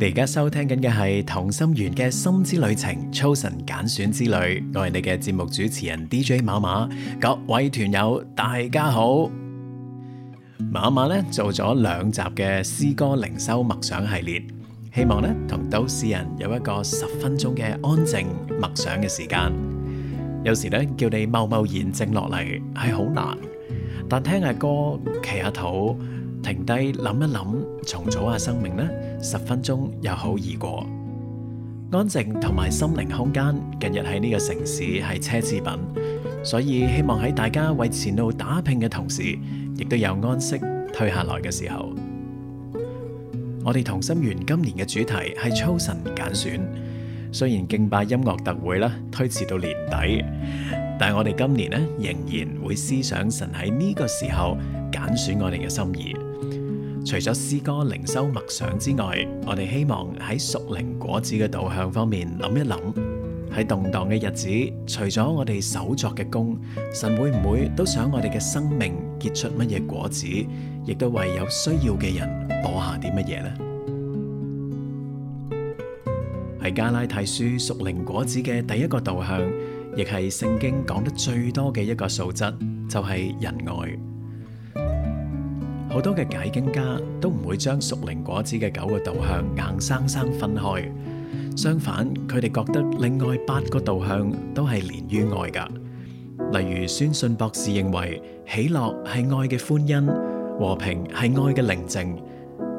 你而家收聽緊嘅係同心圓嘅心之旅程 Chosen 揀選之旅，我係你嘅節目主持人 DJ 馬馬，各位團友大家好。馬馬咧做咗兩集嘅詩歌靈修默想系列，希望咧同都市人有一個十分鐘嘅安靜默想嘅時間。有時咧叫你貿貿然靜落嚟係好難，但聽下歌，祈下禱，停低諗一諗，重組下生命呢，十分鐘又好易過。安靜同埋心靈空間，近日喺呢個城市係奢侈品，所以希望喺大家為前路打拼嘅同時，亦都有安息、退下來嘅時候。我哋同心圓今年嘅主題係 Chosen 揀選。選雖然敬拜音樂特會咧推遲到年底，但係我哋今年呢仍然會思想神喺呢個時候揀選我哋嘅心意。除咗詩歌靈修默想之外，我哋希望喺屬靈果子嘅導向方面諗一諗，喺動盪嘅日子，除咗我哋手作嘅工，神會唔會都想我哋嘅生命結出乜嘢果子，亦都為有需要嘅人播下啲乜嘢呢？係加拉太書屬靈果子嘅第一個導向，亦係聖經講得最多嘅一個素質，就係仁愛。好多嘅解經家都唔會將屬靈果子嘅九個導向硬生生分開，相反，佢哋覺得另外八個導向都繫連於愛噶。例如，宣信博士認為，喜樂係愛嘅歡欣，和平係愛嘅寧靜，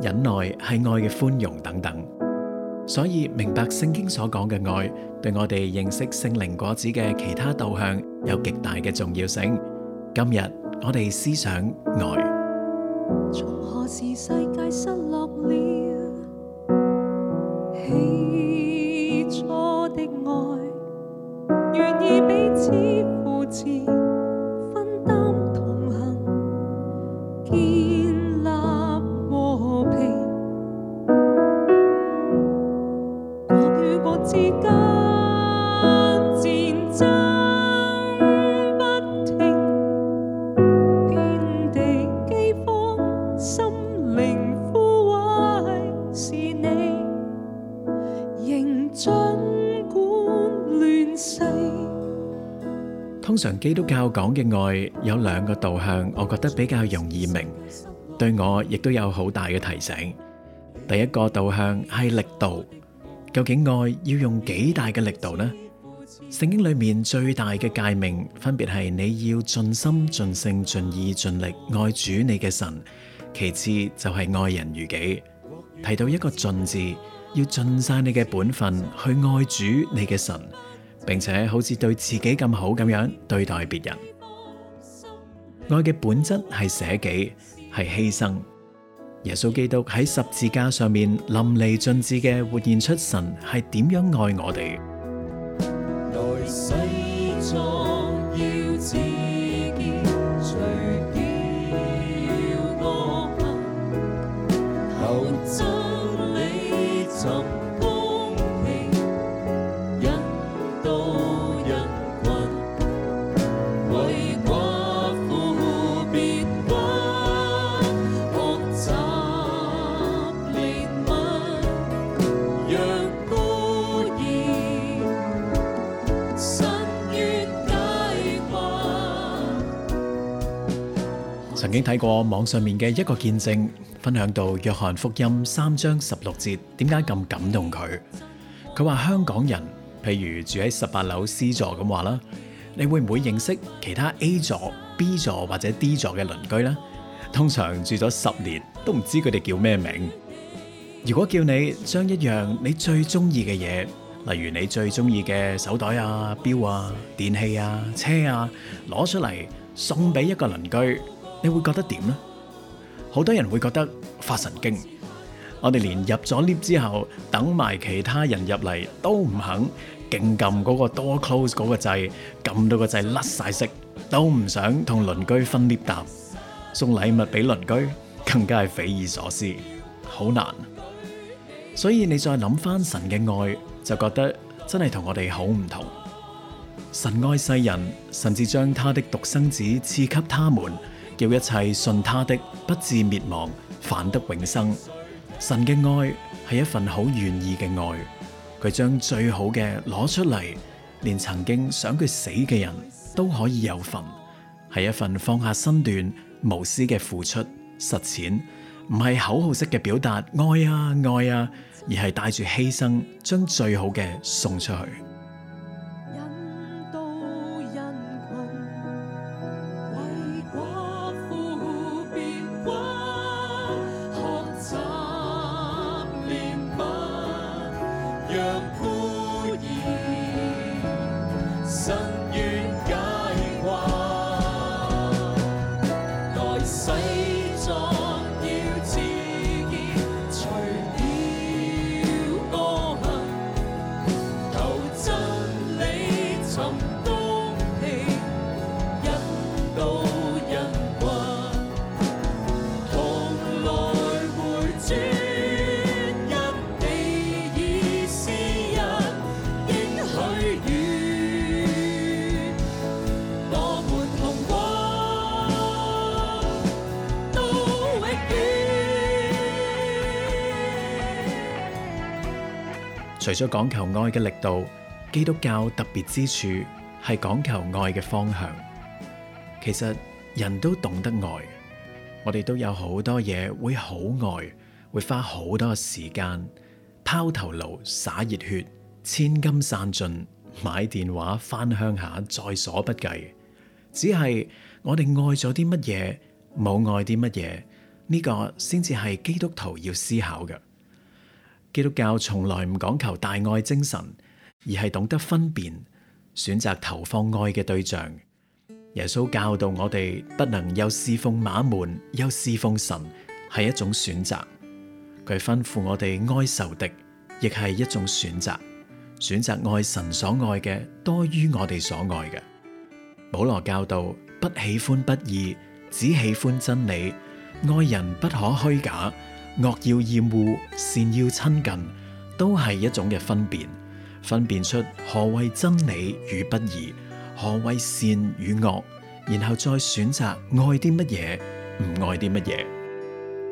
忍耐係愛嘅寬容等等。所以明白聖經所講嘅愛，對我哋認識聖靈果子嘅其他導向有極大嘅重要性。今日我哋思想愛。從何時世界失落了起初的愛，願意彼此扶持。通常基督教講嘅愛有兩個導向，我覺得比較容易明，對我亦都有好大嘅提醒。第一個導向係力度，究竟愛要用幾大嘅力度呢？聖經裏面最大嘅誡命，分別係你要盡心、盡性、盡意、盡力愛主你嘅神，其次就係愛人如己。提到一個盡字，要盡晒你嘅本分去愛主你嘅神。並且好似對自己咁好咁樣對待別人，愛嘅本質係捨己，係犧牲。耶穌基督喺十字架上面淋漓盡致嘅活現出神，係點樣愛我哋。曾經睇過網上面嘅一個見證，分享到《約翰福音》三章十六節，點解咁感動佢？佢話香港人，譬如住喺十八樓 C 座咁話啦，你會唔會認識其他 A 座、B 座或者 D 座嘅鄰居呢？通常住咗十年都唔知佢哋叫咩名。如果叫你將一樣你最中意嘅嘢，例如你最中意嘅手袋啊、錶啊、電器啊、車啊，攞出嚟送俾一個鄰居。你會覺得點呢？好多人會覺得發神經。我哋連入咗 lift 之後，等埋其他人入嚟，都唔肯，勁撳嗰個多 close 嗰個掣，撳到個掣甩晒色，都唔想同鄰居分 lift 搭，送禮物俾鄰居更加係匪夷所思，好難。所以你再諗翻神嘅愛，就覺得真係同我哋好唔同。神愛世人，甚至將他的獨生子賜給他們。叫一切信他的不至滅亡，反得永生。神嘅愛係一份好願意嘅愛，佢將最好嘅攞出嚟，連曾經想佢死嘅人都可以有份，係一份放下身段無私嘅付出實踐，唔係口號式嘅表達愛啊愛啊，而係帶住犧牲將最好嘅送出去。除咗講求愛嘅力度，基督教特別之處係講求愛嘅方向。其實人都懂得愛，我哋都有好多嘢會好愛，會花好多時間拋頭顱灑熱血，千金散盡買電話翻鄉下在所不計。只係我哋愛咗啲乜嘢，冇愛啲乜嘢，呢個先至係基督徒要思考嘅。基督教從來唔講求大愛精神，而係懂得分辨，選擇投放愛嘅對象。耶穌教導我哋不能又侍奉馬門又侍奉神，係一種選擇。佢吩咐我哋愛仇敵，亦係一種選擇。選擇愛神所愛嘅多於我哋所愛嘅。保羅教導，不喜歡不義，只喜歡真理。愛人不可虛假。惡要厭惡，善要親近，都係一種嘅分辨，分辨出何為真理與不義，何為善與惡，然後再選擇愛啲乜嘢，唔愛啲乜嘢。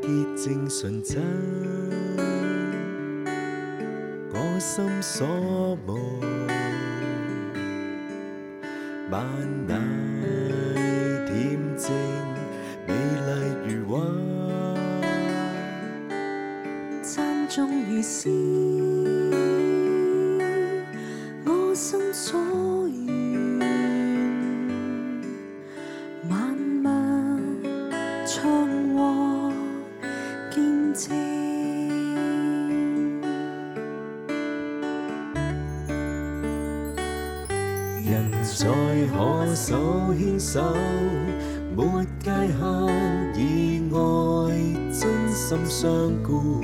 潔淨純真，我心所慕。萬籟恬靜，美麗如畫。詩，我心所願，漫漫長路見證。人在何所牽手，沒隔閡，以愛真心相顧。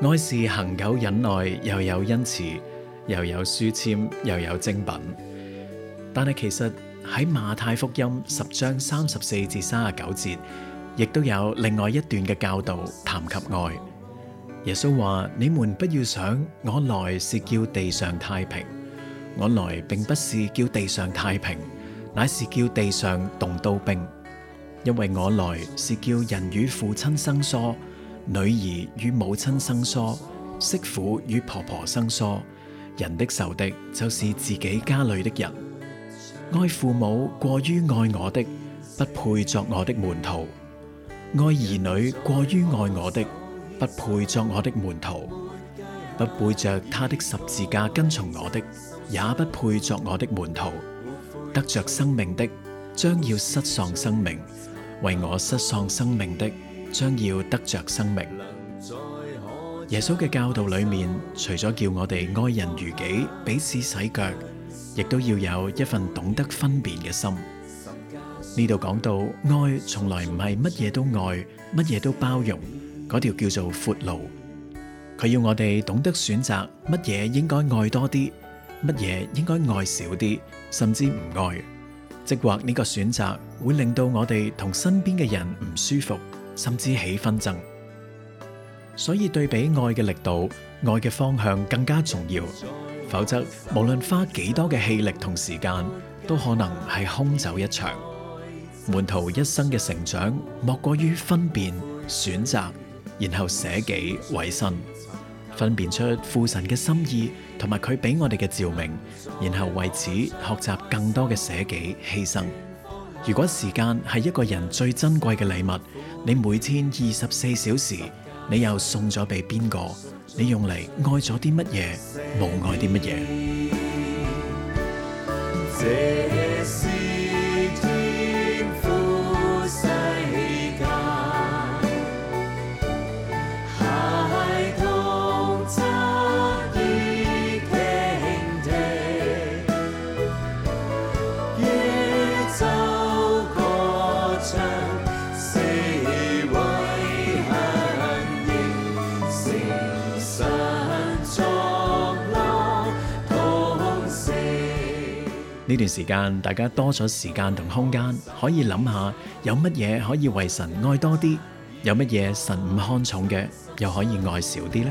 愛是恒久忍耐，又有恩慈，又有書簽，又有精品。但係其實喺馬太福音十章三十四至三十九節，亦都有另外一段嘅教導談及愛。耶穌話：你們不要想我來是叫地上太平，我來並不是叫地上太平，乃是叫地上動刀兵。因為我來是叫人與父親生疏。女兒與母親生疏，媳婦與婆婆生疏。人的仇敵就是自己家裏的人。愛父母過於愛我的，不配作我的門徒；愛兒女過於愛我的，不配作我的門徒。不背着他的十字架跟從我的，也不配作我的門徒。得着生命的，將要失喪生命；為我失喪生命的。將要得着生命，耶穌嘅教導裏面，除咗叫我哋愛人如己，彼此洗腳，亦都要有一份懂得分辨嘅心。呢度講到愛，從來唔係乜嘢都愛，乜嘢都包容，嗰條叫做闊路。佢要我哋懂得選擇乜嘢應該愛多啲，乜嘢應該愛少啲，甚至唔愛。即或呢個選擇會令到我哋同身邊嘅人唔舒服。甚至起紛爭，所以對比愛嘅力度、愛嘅方向更加重要。否則，無論花幾多嘅氣力同時間，都可能係空走一場。門徒一生嘅成長，莫過於分辨選擇，然後捨己委身，分辨出父神嘅心意同埋佢俾我哋嘅照明，然後為此學習更多嘅捨己犧牲。如果時間係一個人最珍貴嘅禮物。你每天二十四小時，你又送咗畀邊個？你用嚟愛咗啲乜嘢？冇愛啲乜嘢？呢段時間，大家多咗時間同空間，可以諗下有乜嘢可以為神愛多啲，有乜嘢神唔看重嘅，又可以愛少啲呢？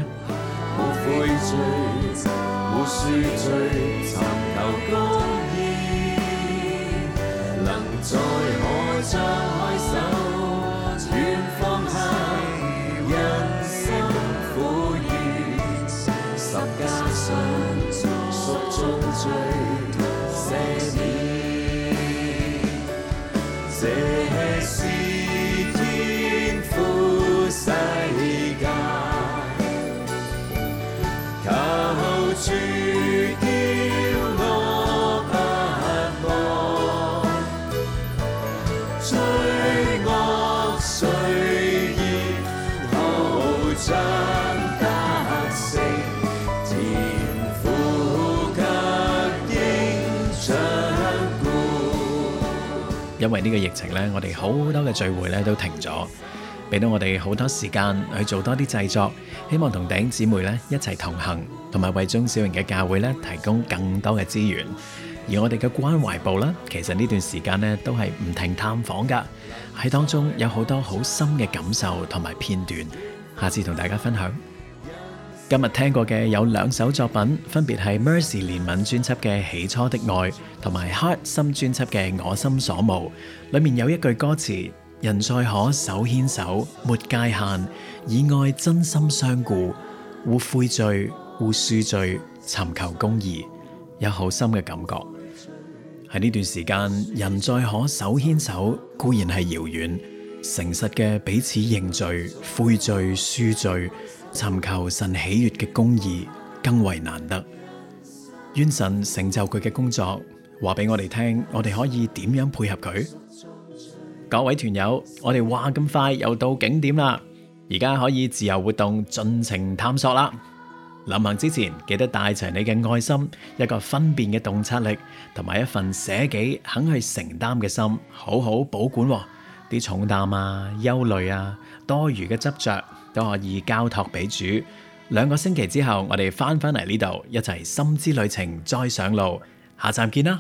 因為呢個疫情咧，我哋好多嘅聚會咧都停咗，俾到我哋好多時間去做多啲製作，希望同頂姊妹咧一齊同行，同埋為中小型嘅教會咧提供更多嘅資源。而我哋嘅關懷部咧，其實呢段時間咧都係唔停探訪㗎，喺當中有好多好深嘅感受同埋片段，下次同大家分享。今日聽過嘅有兩首作品，分別係《Mercy 憐憫》專輯嘅起初的愛，同埋《Heart 心》專輯嘅我心所慕。裏面有一句歌詞：人在可手牽手，沒界限，以愛真心相顧，互悔罪，互恕罪，尋求公義，有好深嘅感覺。喺呢段時間，人在可手牽手固然係遙遠。誠實嘅彼此認罪、悔罪、恕罪，尋求神喜悦嘅公義，更為難得。願神成就佢嘅工作，話俾我哋聽，我哋可以點樣配合佢？各位團友，我哋話咁快又到景點啦，而家可以自由活動，盡情探索啦。臨行之前，記得帶齊你嘅愛心、一個分辨嘅洞察力，同埋一份捨己肯去承擔嘅心，好好保管、哦。啲重擔啊、憂慮啊、多餘嘅執着，都可以交託俾主。兩個星期之後，我哋翻返嚟呢度，一齊心之旅程再上路。下站見啦！